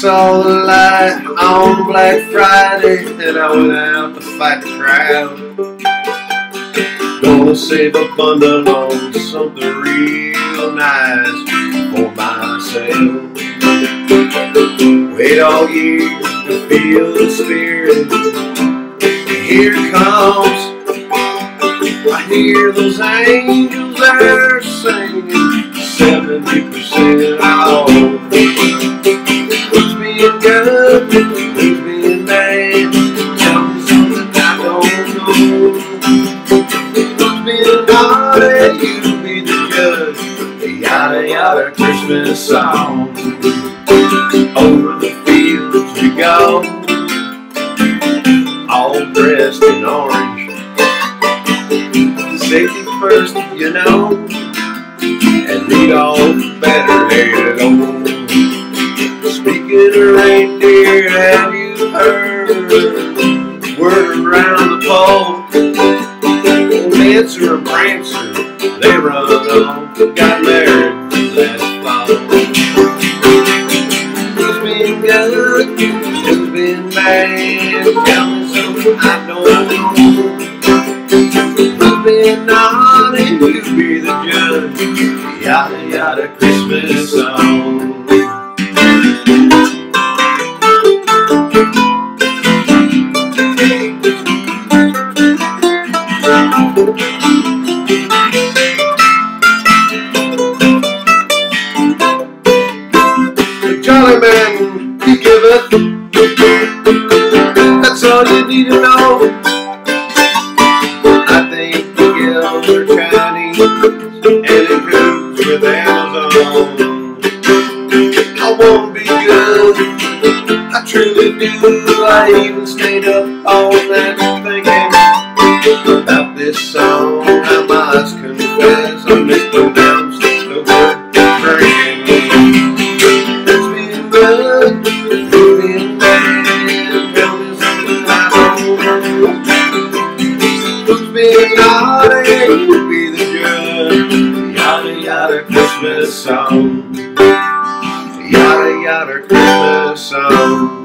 saw the light on Black Friday and I went out to fight the crowd. Gonna save a bundle on something real nice for myself. Wait all year to feel the spirit. Here it comes. I hear those angels are singing 70 let you be the judge. The yada yada Christmas song. Over the fields you go, all dressed in orange. The first, you know, and Rudolph better there go. Speaking of reindeer, have you heard word around the pole? Answer a branch they run off, got married, let's follow. Who's been good, who's been bad, tell me so I don't know. I've been naughty, you be the judge, yada yada Christmas song. good. That's all you need to know. I think the guild are Chinese and improves with Amazon. I won't be good. I truly do. I even stayed up all night thinking about this song. I must confess I missed the be naughty, you be the good. Yada yada Christmas song. Yada yada Christmas song.